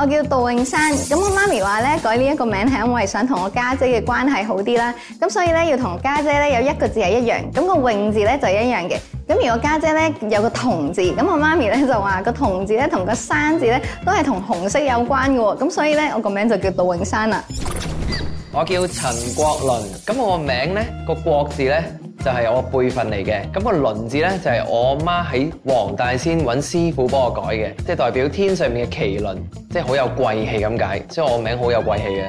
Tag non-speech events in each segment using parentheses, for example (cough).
我叫杜永山，咁我媽咪話咧改呢一個名係因為想同我家姐嘅關係好啲啦，咁所以咧要同家姐咧有一個字係一樣，咁個永字咧就一樣嘅，咁而我家姐咧有個同字，咁我媽咪咧就話個同字咧同個山字咧都係同紅色有關嘅，咁所以咧我個名就叫杜永山啦。我叫陳國倫，咁我個名咧個國字咧。就係我的輩份嚟嘅，咁、那個輪字呢，就係、是、我媽喺黃大仙揾師傅幫我改嘅，即代表天上面嘅麒麟，即係好有貴氣咁解，即係我的名好有貴氣嘅。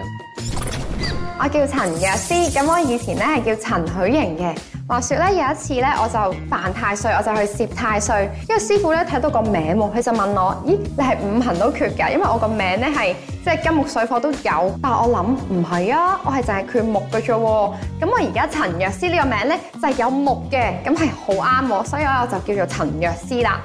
我叫陳若思，咁我以前呢係叫陳許瑩嘅。話説咧，說有一次咧，我就犯太歲，我就去攝太歲。因為師傅咧睇到個名喎，佢就問我：咦，你係五行都缺㗎？因為我個名咧係即係金木水火都有。但我諗唔係啊，我係淨係缺木嘅啫喎。咁我而家陳若思呢個名咧就係有木嘅，咁係好啱我。所以我就叫做陳若思啦。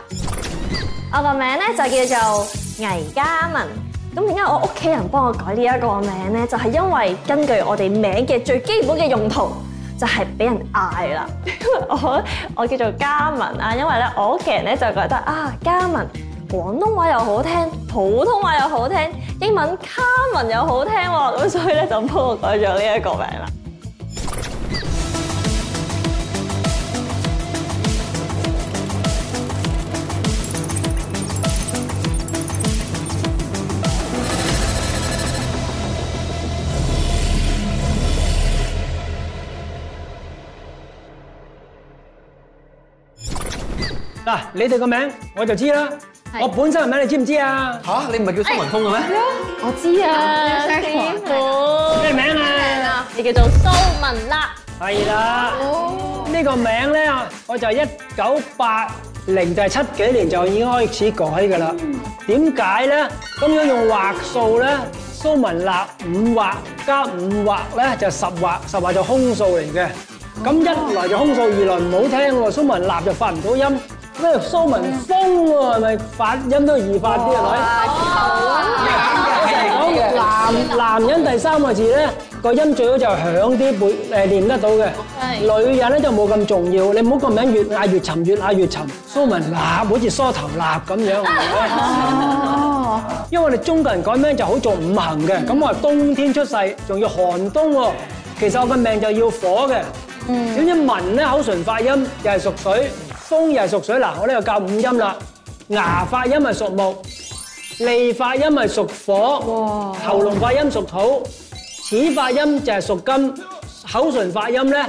我個名咧就叫做倪嘉文。咁點解我屋企人幫我改呢一個名咧？就係、是、因為根據我哋名嘅最基本嘅用途。就係俾人嗌啦， (laughs) 我我叫做嘉文啊，因為呢，我其實咧就覺得啊嘉文廣東話又好聽，普通話又好聽，英文卡文又好聽喎，咁所以咧就幫我改咗呢一個名啦。你哋個名我就知啦，我本身個名你知唔知啊？嚇，你唔係叫蘇文峯嘅咩？係咯，我知啊。師傅咩名啊？你叫做蘇文立，係啦。呢個名咧，我就一九八零就係七幾年就已經開始改㗎啦。點解咧？咁樣用畫數咧，蘇文立五畫加五畫咧就十畫，十畫就空數嚟嘅。咁一來就空數，二來唔好聽喎。蘇文立就發唔到音。喂，蘇民峰喎，係咪發音都易發啲啊？係。我成日講男男人第三個字咧，個音最好就響啲，背誒念得到嘅。係。女人咧就冇咁重要，你唔好個名越嗌越沉，越嗌越沉。蘇文立好似梳頭立咁樣。哦。因為我哋中國人改名就好做五行嘅，咁我係冬天出世，仲要寒冬喎。其實我嘅命就要火嘅。嗯。點知民咧口唇發音又係屬水。.風又係屬水嗱。我呢度教五音啦。牙發音係屬木，利發音係屬火，喉嚨發音屬土，齒發音就係屬金，口唇發音咧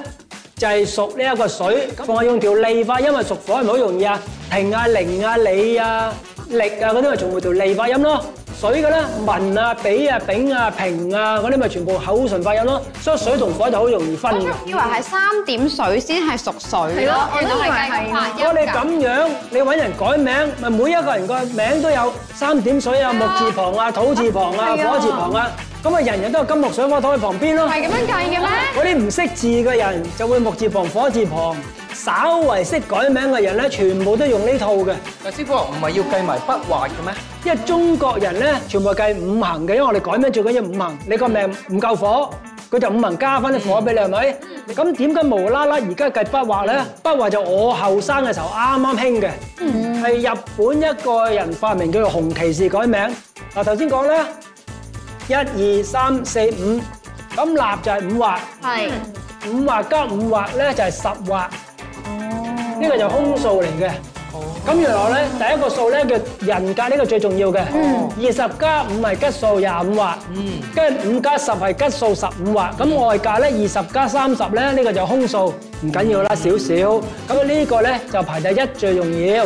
就係屬呢一個水。咁我用條利發音係屬火，係咪好容易啊？停啊、零啊、李啊、力啊嗰啲，咪就用條利發音咯。水嘅咧，文啊、比啊、丙啊、平啊嗰啲咪全部口唇發音咯，所以水同火就好容易分嘅。以為係三點水先係屬水咯，如果係，如果你咁樣，你揾人改名，咪每一個人個名都有三點水啊、木字旁啊、土字旁啊、火字旁啊，咁咪人人都有金木水火土喺旁邊咯。唔係咁樣計嘅咩？嗰啲唔識字嘅人就會木字旁、火字旁。稍為識改名嘅人咧，全部都用呢套嘅。嗱，師傅唔係要計埋筆畫嘅咩？因為中國人咧，全部係計五行嘅。因為我哋改名最緊要五行，你個命唔夠火，佢就五行加翻啲火俾你，係咪？咁點解無啦啦而家計筆畫咧？筆畫就我後生嘅時候啱啱興嘅，係日本一個人發明叫做紅騎士改名。嗱，頭先講咧，一二三四五，咁立就係五畫，係五畫加五畫咧就係十畫。呢個就空數嚟嘅，咁原來咧第一個數咧叫人格，呢個最重要嘅。二十加五係吉數廿五劃，跟住五加十係吉數十五劃。咁外格咧二十加三十咧呢個就空數，唔緊要啦，少少。咁啊呢個咧就排第一最重要。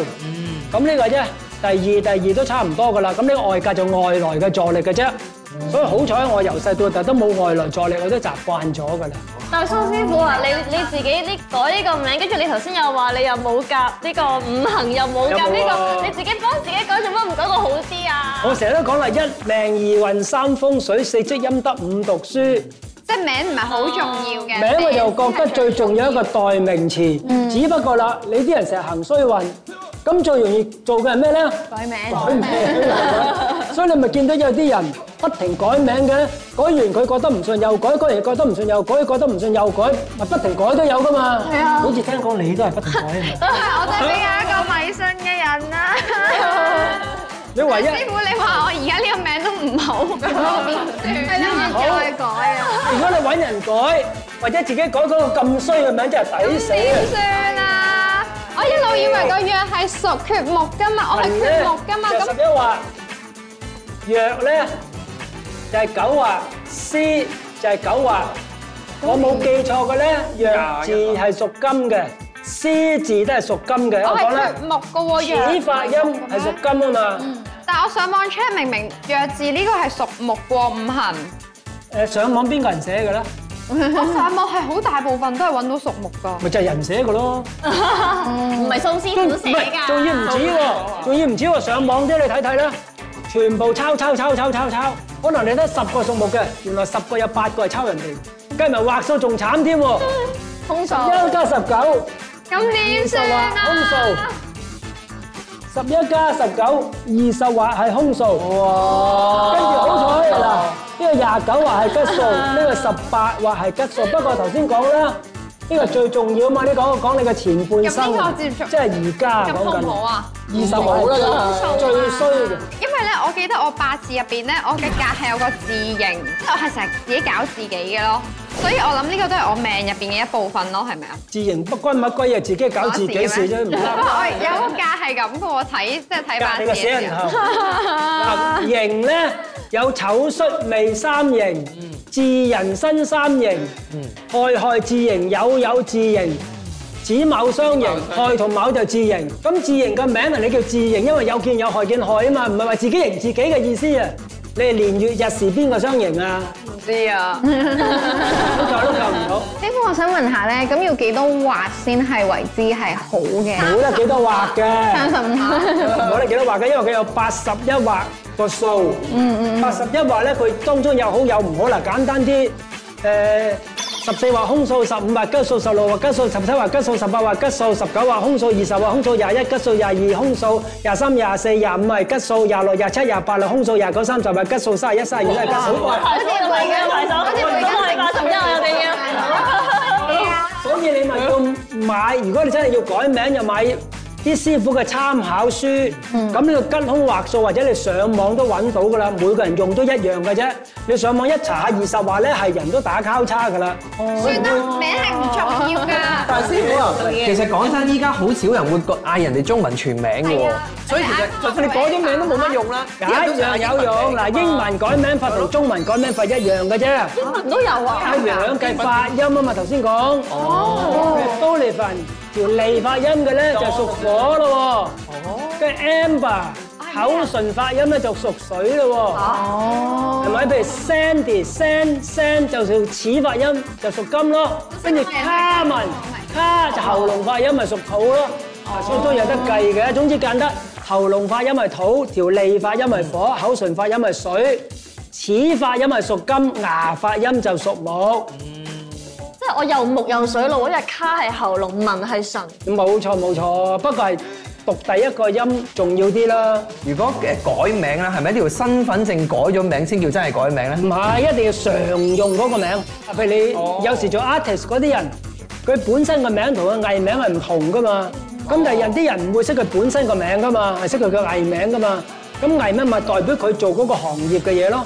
咁呢個啫，第二、第二都差唔多噶啦。咁呢個外格就外來嘅助力嘅啫。所以好彩，我由細到大都冇外來助力，我都習慣咗㗎啦。但係蘇師傅啊，你你自己呢改呢個名，跟住你頭先又話你又冇夾呢個五行，又冇夾呢個，你自己幫自己改，做乜唔改個好啲啊？我成日都講啦，一命二運三風水，四積陰德五讀書。即係名唔係好重要嘅。名我又覺得最重要一個代名詞。嗯。只不過啦，你啲人成日行衰運，咁最容易做嘅係咩咧？改名。改名。所以你咪見到有啲人不停改名嘅，改完佢覺得唔信又改，改完又覺得唔信又改，覺得唔信又改，咪不停改都有噶嘛。係啊，好似聽講你都係不停改。因為我都係比較一個迷信嘅人啊！你唯一師傅，你話我而家呢個名都唔好，係咪越改越改啊？如果你揾人改，或者自己改嗰個咁衰嘅名，真係抵死。點算啊！我一路以為個藥係屬缺木㗎嘛，我係缺木㗎嘛，咁點解話？藥咧就係九畫，詩就係九畫，我冇記錯嘅咧。藥字係屬金嘅，詩字都係屬金嘅。我講咧，木個字發音係屬金啊嘛。但係我上網 check，明明藥字呢個係屬木喎，五行。誒，上網邊個人寫嘅咧？我上網係好大部分都係揾到屬木噶。咪就係人寫嘅咯，唔係蘇師傅寫噶？仲要唔止，仲要唔止話上網啫，你睇睇啦。全部抄抄抄抄抄抄，可能你得十個數目嘅，原來十個有八個係抄人哋，計埋畫數仲慘添喎。空數十一加十九，咁點算啊？空數十一加十九，二十畫係空數。哇！跟住好彩嗱，呢個廿九畫係吉數，呢個十八畫係吉數。不過頭先講啦，呢個最重要啊嘛，你講講你嘅前半生，即係而家講緊。入邊個接唔著？入胸冇啊？二十五啦，最衰嘅。因為咧，我記得我八字入邊咧，我嘅格係有個自刑，即係我係成日自己搞自己嘅咯。所以我諗呢個都係我命入邊嘅一部分咯，係咪啊？自刑不關乜鬼嘢，自己搞自己事啫。有個格係咁，我睇即係睇八字嘅時候。你個死人後。刑咧有丑、戌、未三刑，寅巳申三刑，害害自刑，有有自刑。子卯相刑，亥同卯就自刑。咁自刑嘅名啊，你叫自刑，因為有見有害，見害啊嘛，唔係話自己刑自己嘅意思啊。你係年月日時邊個相刑啊？唔知啊，都教都教唔到。師傅我想問下咧，咁要幾多畫先係為之係好嘅？冇得幾多畫嘅，三十五。冇得幾多畫嘅，因為佢有八十一畫個數。嗯嗯。八十一畫咧，佢當中有好有唔好啦，簡單啲。誒。十四話空數，十五話吉數，十六話吉數，十七話吉數，十八話吉數，十九話空數，二十話空數，廿一吉數，廿二空數，廿三廿四廿五係吉數，廿六廿七廿八係空數，廿九三十係吉數，三十一三十二都係吉數。好似唔係嘅，賣手，好似唔係八十一，我哋要。所以你咪要買，如果你真係要改名就買。啲師傅嘅參考書，咁呢個吉兇劃數或者你上網都揾到噶啦，每個人用都一樣嘅啫。你上網一查下二十劃咧，係人都打交叉噶啦。所以名係唔重要㗎。但係師傅啊，其實講真，依家好少人會嗌人哋中文全名嘅喎，所以其實就算你改咗名都冇乜用啦。一樣有用嗱，英文改名法同中文改名法一樣嘅啫。英文都有啊，兩計發音啊嘛，頭先講。哦。多利份。條脷發音嘅咧就屬火咯，跟住 Amber 口唇發音咧就屬水咯，係咪？譬如 Sandy、San、San 就算齒發音就屬金咯，跟住 Carmen 卡就喉嚨發音咪屬土咯，所以都有得計嘅。總之揀得喉嚨發音係土，條脷發音係火，口唇發音係水，齒發音係屬金，牙發音就屬木。我又木又水咯，即係卡係喉嚨，文係神。冇錯冇錯，不過係讀第一個音重要啲啦。如果誒改名啦，係咪一定要身份證改咗名先叫真係改名咧？唔係，一定要常用嗰個名。譬如你有時做 artist 嗰啲人，佢本身個名同個藝名係唔同噶嘛。咁第二人啲人唔會識佢本身個名噶嘛，係識佢嘅藝名噶嘛。咁藝名咪代表佢做嗰個行業嘅嘢咯。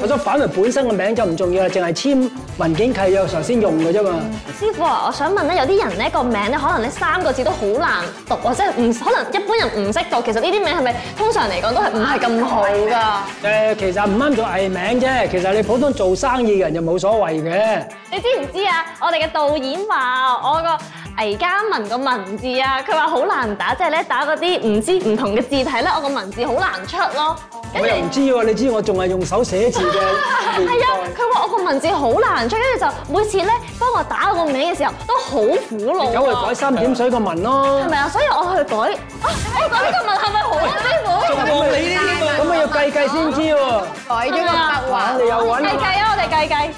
或者、嗯、反為本身嘅名就唔重要啦，淨係簽文件契約時候先用嘅啫嘛。師傅啊，我想問咧，有啲人咧個名咧可能咧三個字都好難讀啊，即係唔可能一般人唔識讀。其實呢啲名係咪通常嚟講都係唔係咁好噶？誒，其實唔啱做藝名啫。其實你普通做生意嘅人就冇所謂嘅。你知唔知啊？我哋嘅導演話我個藝嘉文個文字啊，佢話好難打，即係咧打嗰啲唔知唔同嘅字體咧，我個文字好難出咯。我又唔知喎，你知我仲係用手寫字嘅。係啊，佢話我個文字好難出，跟住就每次咧幫我打個名嘅時候都好苦惱。走去改三點水個文咯。係咪啊？所以我去改啊！我改呢個文係咪好辛苦？咁咪要計計先知喎。改咗啦。我哋又揾啦。計計啊！我哋計計。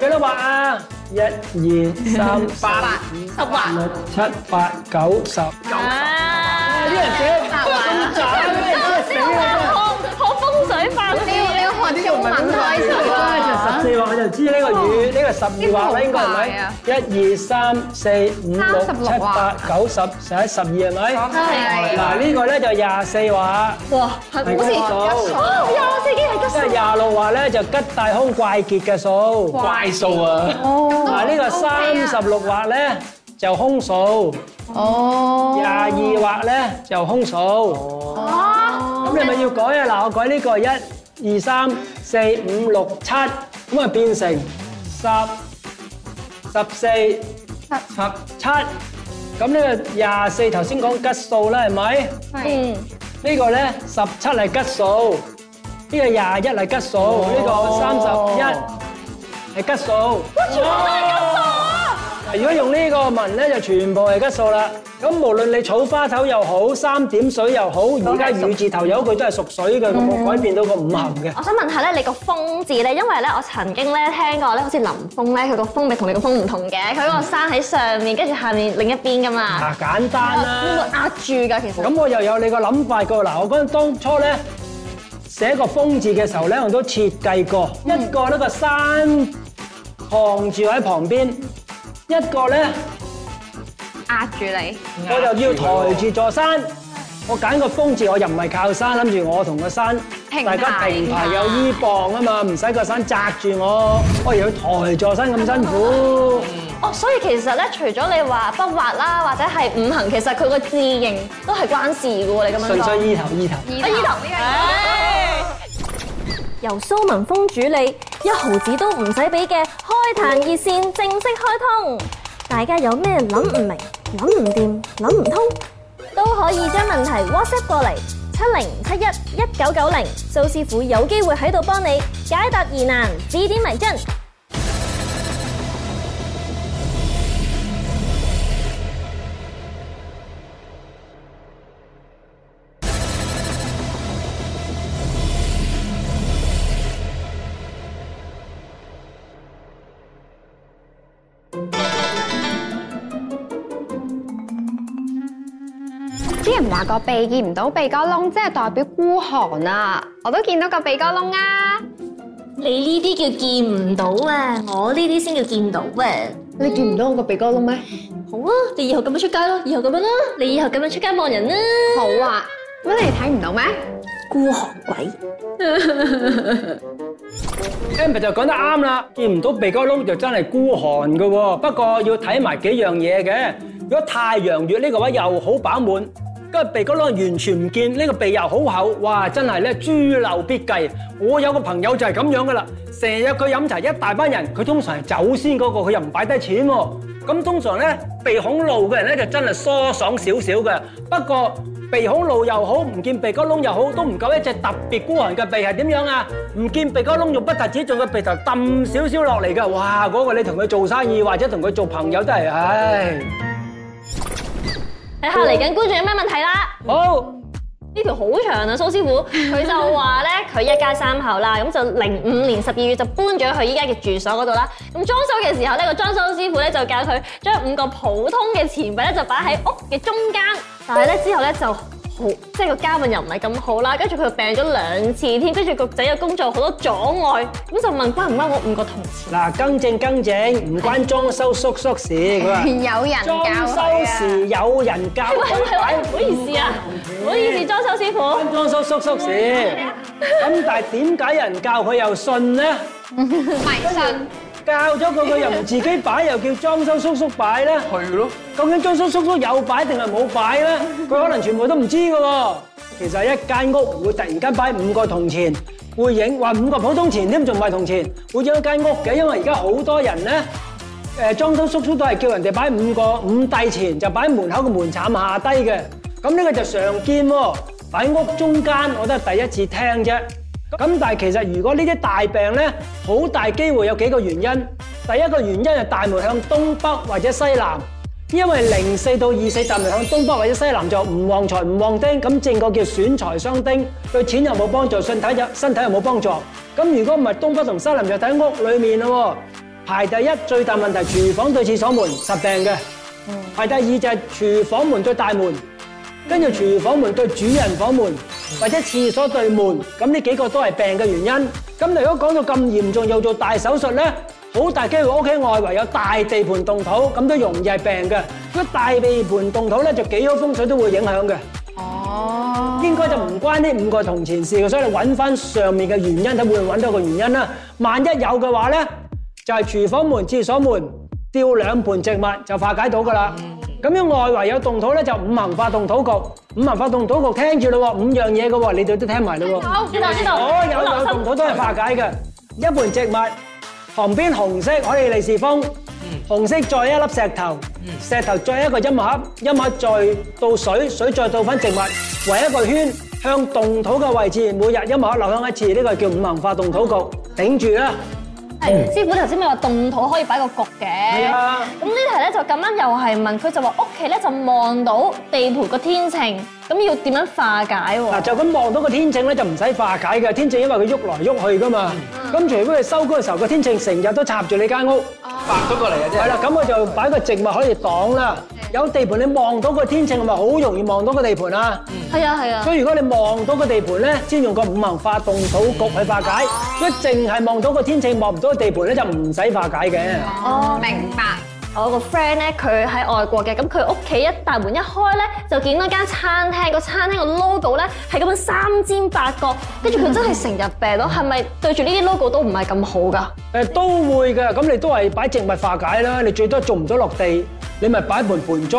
計到吧？一、二、三、八、十、八、七、八、九、十。啊！啲人寫得真準，咩都寫啊！你發嬲，你要學啲好難數啊！十四畫你就知呢個魚，呢個十二畫咧，應該係咪？一二三四五六七八九十十一十二係咪？係。嗱呢個咧就廿四畫。哇，係數是吉數。廿六已經係吉數。即係廿六畫咧就吉大凶怪傑嘅數。怪數啊！哦！嗱呢個三十六畫咧。就空數，哦，廿二畫咧就空數，哦，咁你咪要改啊！嗱，我改呢個一二三四五六七，咁啊變成十十四十七，咁呢個廿四頭先講吉數啦，係咪？係。呢個咧十七係吉數，呢個廿一係吉數，呢個三十一係吉數。我全部都係吉數。如果用呢個文咧，就全部係吉數啦。咁無論你草花頭又好，三點水又好，而家雨字頭有句都係屬水嘅，冇改變到個五行嘅。我想問下咧，你個風字咧，因為咧我曾經咧聽過咧，好似林峯咧，佢個風咪同你個風唔同嘅，佢個山喺上面，跟住下面另一邊噶嘛。嗱，簡單啦。會唔會壓住㗎？其實。咁我又有你個諗法過。嗱，我嗰陣當初咧寫個風字嘅時候咧，我都設計過一個呢個山旁字喺旁邊。一個咧壓住你，我就要抬住座山。我揀個峰字，我又唔係靠山，諗住我同個山大家平排有依傍啊嘛，唔使個山扎住我，我又要抬座山咁辛苦。哦，所以其實咧，除咗你話筆劃啦，或者係五行，其實佢個字形都係關事噶喎。你咁樣講，純粹醫頭醫頭，醫頭。由蘇文峰主理，一毫子都唔使俾嘅。開壇熱線正式開通，大家有咩諗唔明、諗唔掂、諗唔通，都可以將問題 WhatsApp 過嚟七零七一一九九零，蘇師傅有機會喺度幫你解答疑難、指點迷津。個鼻見唔到鼻哥窿，即係代表孤寒啊！我都見到個鼻哥窿啊！你呢啲叫見唔到啊！我呢啲先叫見到啊！喂！你見唔到我個鼻哥窿咩？好啊！你以後咁樣出街咯，以後咁樣啦，你以後咁樣出街望人啦！好啊！乜你睇唔到咩？孤寒鬼！Amber 就講得啱啦，見唔到鼻哥窿就真係孤寒噶。不過要睇埋幾樣嘢嘅，如果太陽穴呢個位又好飽滿。個鼻哥窿完全唔見，呢個鼻又好厚，哇！真係咧豬流必計。我有個朋友就係咁樣噶啦，成日佢飲茶一大班人，佢通常係走先嗰個，佢又唔擺低錢喎。咁通常咧鼻孔露嘅人咧就真係疏爽少少嘅。不過鼻孔露又好，唔見鼻哥窿又好，都唔夠一隻特別孤寒嘅鼻係點樣啊？唔見鼻哥窿又不特止，仲個鼻頭掟少少落嚟噶，哇！嗰個你同佢做生意或者同佢做朋友都係唉。睇下嚟緊觀眾有咩問題啦！好，oh. 嗯，呢條好長啊，蘇師傅佢就話咧佢一家三口啦，咁 (laughs) 就零五年十二月就搬咗去依家嘅住所嗰度啦。咁裝修嘅時候咧，個裝修師傅咧就教佢將五個普通嘅錢幣咧就擺喺屋嘅中間，但係咧之後咧就。即係個家運又唔係咁好啦，跟住佢病咗兩次添，跟住個仔嘅工作好多阻礙，咁就問關唔關我五個同事？嗱，更正更正，唔關裝修叔叔事，佢話裝修時有人教，裝修時有人教，喂，唔好意思啊，唔好意思，裝修師傅，唔關裝修叔叔事。咁但係點解人教佢又信咧？迷信。教咗佢，佢又唔自己擺， (laughs) 又叫裝修叔叔擺呢，係咯，是的究竟裝修叔叔有擺還是沒有擺，定係冇擺呢？佢可能全部都唔知嘅喎。其實一間屋會突然間擺五個銅錢，會影，話五個普通錢添，仲唔係銅錢？會影一間屋嘅，因為而家好多人呢，誒、呃、裝修叔叔都係叫人哋擺五個五帝錢，就擺喺門口嘅門檻下低嘅。咁呢個就常見喎，擺屋中間我都係第一次聽啫。咁但係其實如果呢啲大病咧，好大機會有幾個原因。第一個原因係大門向東北或者西南，因為零四到二四大門向東北或者西南就唔旺財唔旺丁，咁正確叫損財傷丁，對錢又冇幫助，身體又身體又冇幫助。咁如果唔係東北同西南就睇屋裏面咯。排第一最大問題廚房對廁所門，實病嘅。排第二就係廚房門對大門，跟住廚房門對主人房門。或者廁所對門，咁呢幾個都係病嘅原因。咁如果講到咁嚴重又做大手術咧，好大機會屋企外圍有大地盤動土，咁都容易係病嘅。如果大地盤動土咧，就幾多風水都會影響嘅。哦，應該就唔關呢五個銅錢事嘅，所以你揾返上面嘅原因，睇會唔會揾到個原因啦。萬一有嘅話咧，就係廚房門、廁所門丟兩盆植物就化解到㗎啦。咁樣外圍有動土咧，就五行化動土局。五行化動土局，聽住啦，五樣嘢嘅喎，你哋都聽埋啦喎。有，呢度呢度。所有動土都係化解嘅，一盆植物，旁邊紅色可以利是封，紅色再一粒石頭，石頭再一個音樂盒，音樂盒再倒水，水再倒翻植物，圍一個圈，向動土嘅位置，每日音樂盒流向一次，呢個叫五行化動土局，頂住啦！師傅頭先咪話動土可以擺個局嘅，咁呢題咧就咁啱又係問，佢就話屋企咧就望到地盤個天秤，咁要點樣化解？嗱，就咁望到個天秤咧就唔使化解嘅，天秤因為佢喐來喐去噶嘛，咁除非佢收工嘅時候個天秤成日都插住你間屋，翻咗過嚟嘅啫，係啦，咁我就擺個植物可以擋啦。有地盤你望到個天秤，係咪好容易望到個地盤啊？係啊，係啊。是，是，所以如果你望到個地盤呢，先用個五行化動土局去化解。如果淨係望到個天秤，望唔到個地盤呢，就唔使化解嘅。哦，明白。嗯我個 friend 咧，佢喺外國嘅，咁佢屋企一大門一開咧，就見到間餐廳，個餐廳個 logo 咧係咁樣三尖八角，跟住佢真係成日病咯，係咪對住呢啲 logo 都唔係咁好噶？誒都會嘅，咁你都係擺植物化解啦，你最多種唔到落地，你咪擺盆盆栽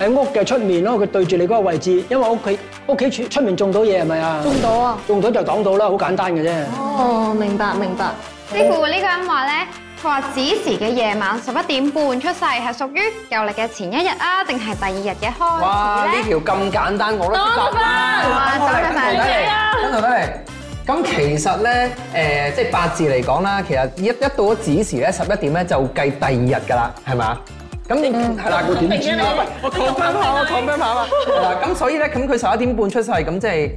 喺屋嘅出面咯，佢對住你嗰個位置，因為屋企屋企出出面種到嘢係咪啊？種到啊，種到就擋到啦，好簡單嘅啫。哦，明白明白。師傅呢個人話咧。佢話子時嘅夜晚十一點半出世係屬於舊曆嘅前一日啊，定係第二日嘅開始咧？哇！呢條咁簡單我都答啦，真係真係真係。咁其實咧，誒，即係八字嚟講啦，其實一一到咗子時咧，十一點咧就計第二日㗎啦，係咪？咁你估係啦，佢點轉啊？我講翻下啦，講翻下啦。嗱，咁所以咧，咁佢十一點半出世，咁即係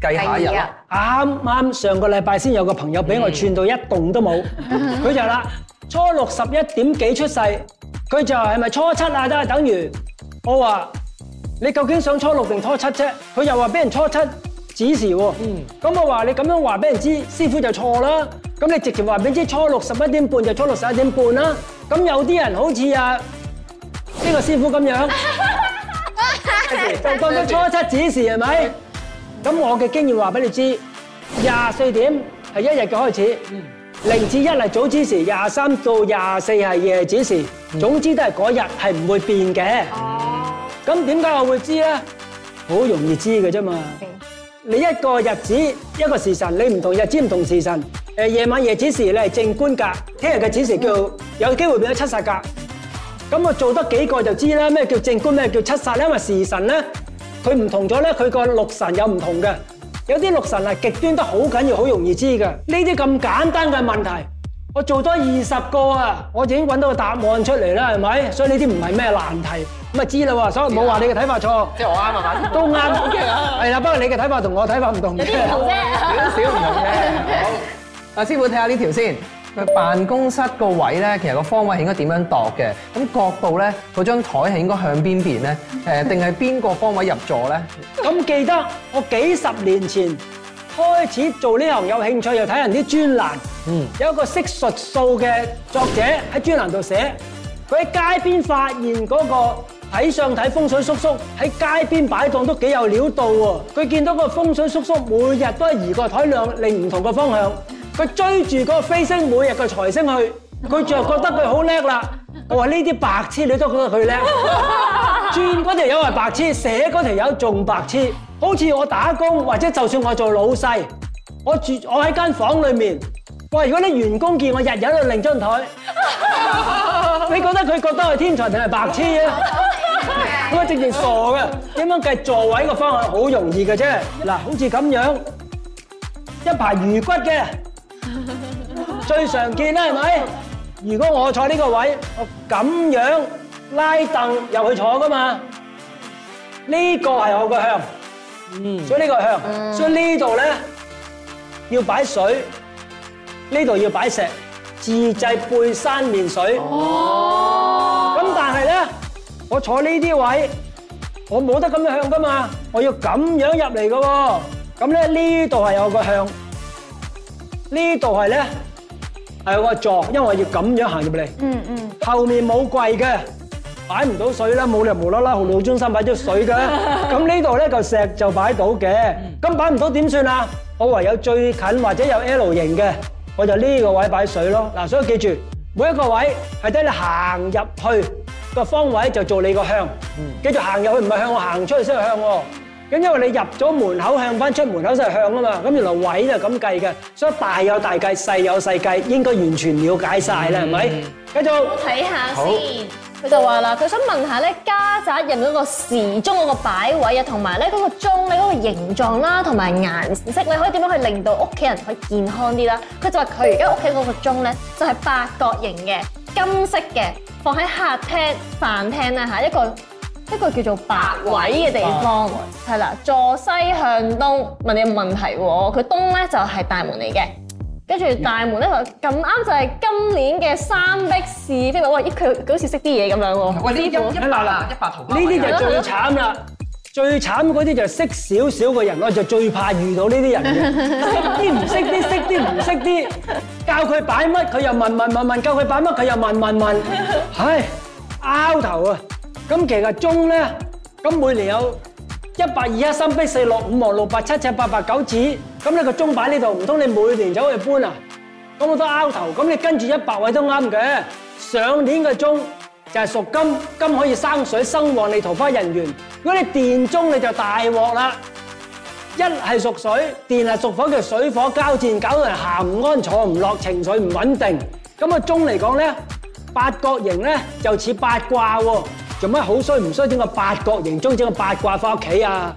計下一日啦。啱啱上個禮拜先有個朋友俾我串到一棟都冇，佢就啦。初六十一點幾出世，佢就係咪初七啊？都係等於我話你究竟想初六定初七啫？佢又話俾人初七子時喎。咁、嗯、我話你咁樣話俾人知，師傅就錯啦。咁你直接話俾人知初六十一點半就初六十一點半啦。咁有啲人好似啊呢個師傅咁樣， (laughs) 就當咗初七子時係咪？咁、嗯、我嘅經驗話俾你知，廿四點係一日嘅開始。嗯零至一係早子時，廿三到廿四係夜子時。嗯、總之都係嗰日係唔會變嘅。哦、啊，咁點解我會知咧？好容易知嘅啫嘛。嗯、你一個日子一個時辰，你唔同日子唔同時辰。誒、呃，夜晚夜子時你係正官格，聽日嘅子時叫有機會變咗七殺格。咁、嗯、我做得幾個就知啦。咩叫正官？咩叫七殺？因為時辰咧，佢唔同咗咧，佢個六神有唔同嘅。有啲六神啊，極端得好緊要，好容易知㗎。呢啲咁簡單嘅問題，我做咗二十個啊，我就已經揾到個答案出嚟啦，係咪？所以呢啲唔係咩難題，咁啊知啦喎。所以冇話你嘅睇法錯，即係、就是、我啱啊揾，都啱 (laughs) 不過你嘅睇法同我睇法唔同嘅，少少唔同啫。 (laughs) 好，阿師傅睇下呢條先。佢辦公室個位咧，其實個方位係應該點樣度嘅？咁角度咧，嗰張台係應該向邊邊咧？誒，定係邊個方位入座咧？咁記得我幾十年前開始做呢行，有興趣又睇人啲專欄。嗯，有一個識術數嘅作者喺專欄度寫，佢喺街邊發現嗰個睇相睇風水叔叔喺街邊擺檔都幾有料到喎。佢見到個風水叔叔每日都係移個台向另唔同嘅方向。佢追住個飛星每日個財星去，佢就覺得佢好叻啦。我話呢啲白痴你都覺得佢叻，轉嗰條友係白痴，寫嗰條友仲白痴。好似我打工或者就算我做老細，我住我喺間房裏面，喂，如果啲員工見我日日喺度擰張台，你覺得佢覺得係天才定係白痴啊？咁啊直情傻噶，點樣計座位個方向好容易嘅啫。嗱，好似咁樣一排魚骨嘅。最常見啦，係咪？如果我坐呢個位，我咁樣拉凳入去坐噶嘛呢個係我個向，嗯，所以呢個向，所以呢度咧要擺水，呢度要擺石，自製背山面水。哦，咁但係咧，我坐呢啲位，我冇得咁樣向噶嘛，我要咁樣入嚟噶。咁咧呢度係我個向，呢度係咧，係個座，因為我要咁樣行入嚟。嗯嗯，後面冇櫃嘅，擺唔到水啦，冇你無啦啦同老中心擺咗水嘅。咁呢度咧，個石就擺到嘅，咁擺唔到點算啊？我唯有最近或者有 L 型嘅我就呢個位擺水咯。嗱，所以記住，每一個位係睇你行入去個方位就做你個向。嗯，記住行入去唔係向，我行出去先係向。咁因為你入咗門口向翻出門口就係向啊嘛，咁原來位就咁計嘅，所以大有大計，細有細計，應該完全瞭解晒啦，係咪？繼續我睇下先。佢就話啦，佢想問下咧，家宅入面嗰個時鐘嗰個擺位啊，同埋咧嗰個鐘咧嗰個形狀啦，同埋顏色，你可以點樣去令到屋企人可以健康啲啦？佢就話佢而家屋企嗰個鐘咧就係八角形嘅，金色嘅，放喺客廳、飯廳啦，下一個。一個叫做白位嘅地方，係啦，坐西向東。問你個問題喎，佢東咧就係大門嚟嘅。跟住大門咧，咁啱就係今年嘅三碧市飛馬。哇！咦，佢好似識啲嘢咁樣喎。喂，呢一嗱嗱一百圖。呢啲就最慘啦，最慘嗰啲就識少少嘅人咯，我就最怕遇到呢啲人嘅。識啲唔識啲，識啲唔識啲，教佢擺乜佢又問問問問，教佢擺乜佢又問問問，唉，拗頭啊！咁其實鐘咧，咁每年有一白二黑三碧四綠五黃六白七赤八白九紫，咁呢個鐘擺呢度，唔通你每年走去搬啊？咁我都拗頭，咁你跟住一白位都啱嘅。上年個鐘就係屬金，金可以生水、生旺、利桃花、人緣。如果你電鐘，你就大鑊啦！一係屬水，電係屬火，叫水火交戰，搞到人行唔安、坐唔落、情緒唔穩定。咁個鐘嚟講咧，八角形咧就似八卦。做咩好衰唔衰？整個八角形，裝整個八卦翻屋企啊！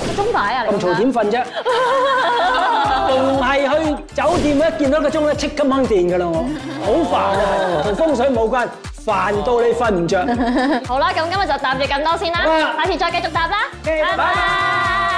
個鐘擺啊！咁嘈點瞓啫？仲係去酒店咧，見到個鐘咧，即刻掹電噶啦，我好煩啊！同風水冇關，煩到你瞓唔着。好啦，咁今日就答住咁多先啦，下次再繼續答啦，拜拜。